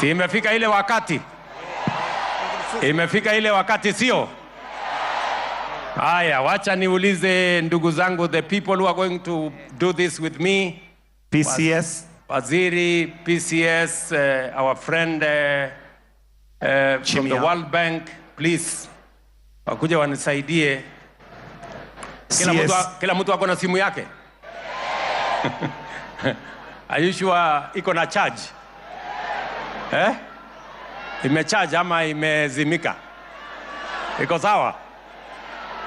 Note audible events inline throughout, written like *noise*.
Si imefika ile wakati, imefika ile wakati, sio? Haya, wacha niulize ndugu zangu, the people who are going to do this with me, PCS Waziri, PCS, uh, eh, our friend uh, uh, from the World Bank, please wakuja wanisaidie. Kila mtu kila mtu ako na simu yake. *laughs* Are you sure iko na charge? eh? Imechaja ama imezimika? Iko sawa?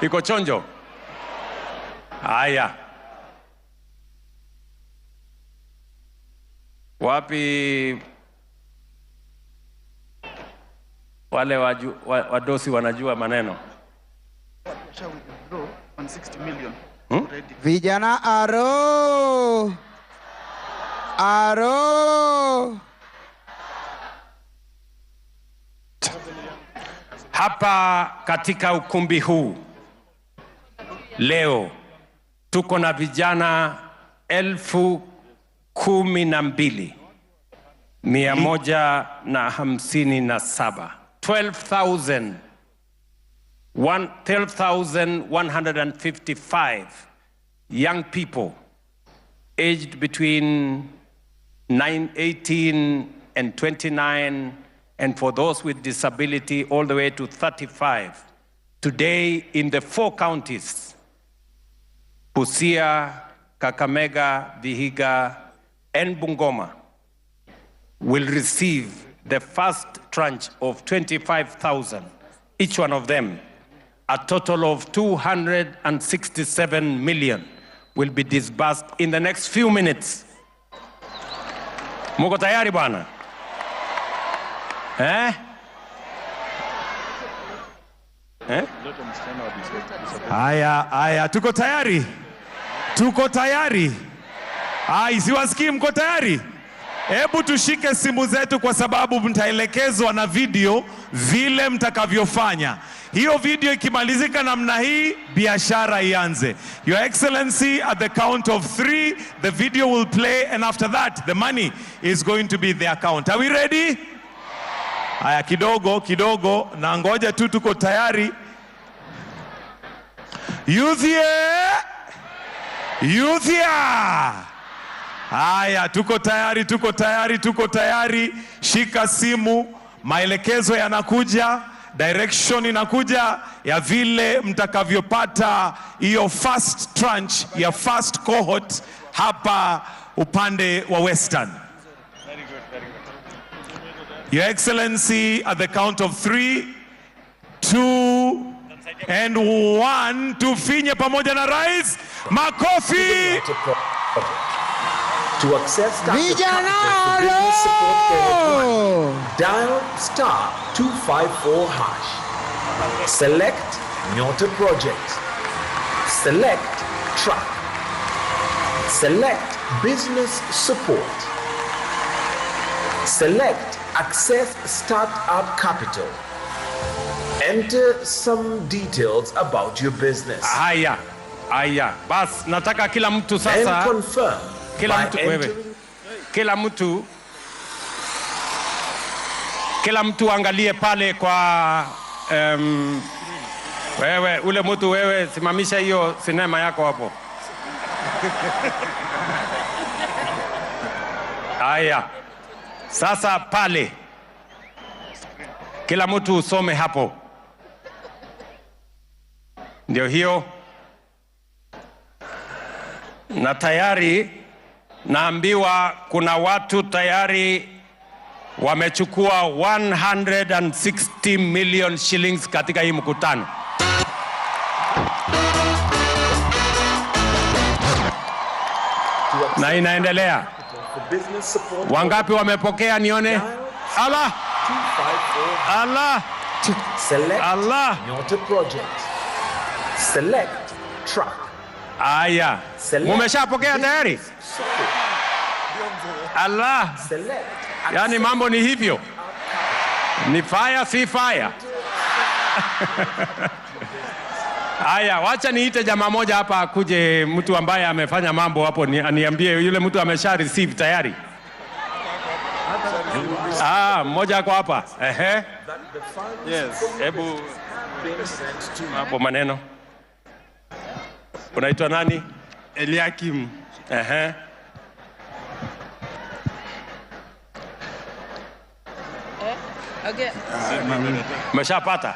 Iko chonjo? Haya, wapi wale waju, wadosi wanajua maneno hmm? Vijana aro aro Hapa katika ukumbi huu leo tuko na vijana elfu kumi na mbili mia moja na hamsini na saba 12,155 young people aged between 9, 18 and 29 and for those with disability all the way to 35. Today, in the four counties, Busia, Kakamega, Vihiga, and Bungoma, will receive the first tranche of 25,000, each one of them. A total of 267 million will be disbursed in the next few minutes. Muko Hein? Eh? Haya, haya, tuko tayari, tuko tayari. Ai, siwasikii, mko tayari? Hebu tushike simu zetu, kwa sababu mtaelekezwa na video vile mtakavyofanya. Hiyo video ikimalizika namna hii, biashara ianze. Your Excellency, at the count of three, the video will play and after that the money is going to be the account. Are we ready? Haya, kidogo kidogo, na ngoja tu, tuko tayari. Yuthia, yuthia. Haya, tuko tayari, tuko tayari, tuko tayari. Shika simu, maelekezo yanakuja, direction inakuja ya vile mtakavyopata hiyo first tranche ya first cohort hapa upande wa Western. Your Excellency, at the count of three, two, and one, to finish pamoja na rais. Makofi. To access vijana hello. Dial star 254 hash. Select Nyota Project. Select Track. Select Business Support. Select access startup capital. Enter some details about your business. Haya, haya. Bas, nataka kila mtu sasa. And confirm kila mtu entering... wewe. Kila mtu kila mtu angalie pale kwa um, wewe ule mtu wewe, simamisha hiyo sinema yako hapo. *laughs* Haya. Sasa pale kila mtu usome hapo, ndio hiyo. Na tayari naambiwa kuna watu tayari wamechukua 160 million shillings katika hii mkutano. Na inaendelea. Wangapi wamepokea? Nione. Allah, Allah, Allah. Aya, mumeshapokea tayari? ala yani mambo ni hivyo, ni fire si fire *laughs* Haya, wacha niite jamaa moja hapa akuje, mtu ambaye amefanya mambo hapo, niambie yule mtu amesha receive tayari. Ah, mmoja ako hapa. Ehe. Yes, hebu hapo maneno. Unaitwa nani? Eliakim. Ehe. Okay. Meshapata?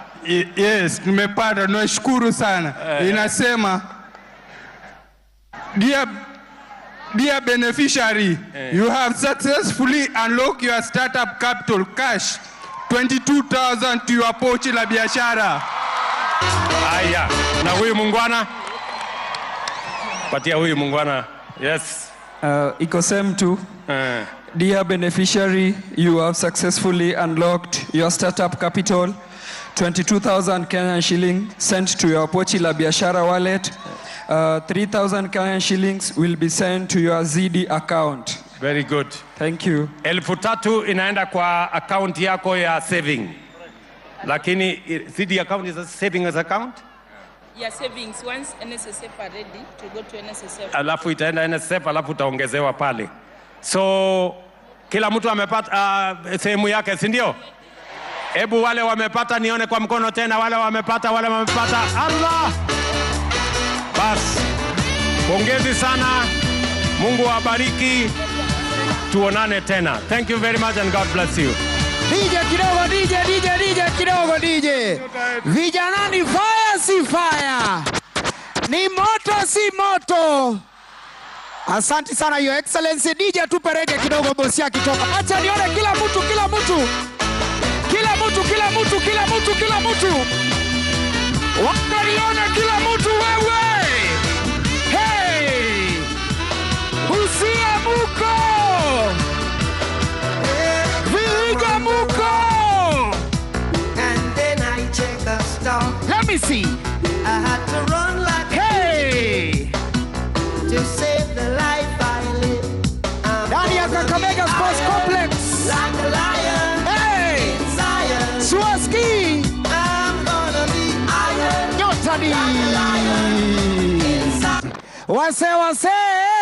Yes, nimepata. Nashukuru sana. Eh. Inasema dear dear beneficiary, eh. you have successfully unlocked your startup capital cash 22,000 to your pochi la biashara. Aya, na huyu mungwana patia huyu mungwana. Yes. Uh, iko same tu. Uh. Dear beneficiary, you have successfully unlocked your startup capital, 22,000 Kenyan shilling sent to your Pochi la Biashara wallet. Uh, 3,000 Kenyan shillings will be sent to your ZD account. Very good. Thank you. Elfu tatu inaenda kwa account yako ya saving. Lakini ZD account is a savings account? Yeah, savings. Once NSSF are ready to go to NSSF. Alafu itaenda NSSF, alafu utaongezewa pale. So kila mtu amepata uh, sehemu yake, si ndio? Hebu wale wamepata nione kwa mkono tena, wale wamepata, wale wamepata. Allah, basi pongezi sana. Mungu awabariki, tuonane tena. Thank you very much and God bless you. DJ kidogo, DJ, DJ, DJ kidogo, DJ. Vijana ni fire, si fire, ni moto, si moto. Asante sana Your Excellency. DJ tuperege kidogo bosi akitoka. Acha nione kila mtu kila mtu. Kila mtu kila mtu kila mtu kila mtu. wacha nione kila mtu wewe. Hey! Usiamuko. Viga muko. And then I check the star. Let me see. Você, você!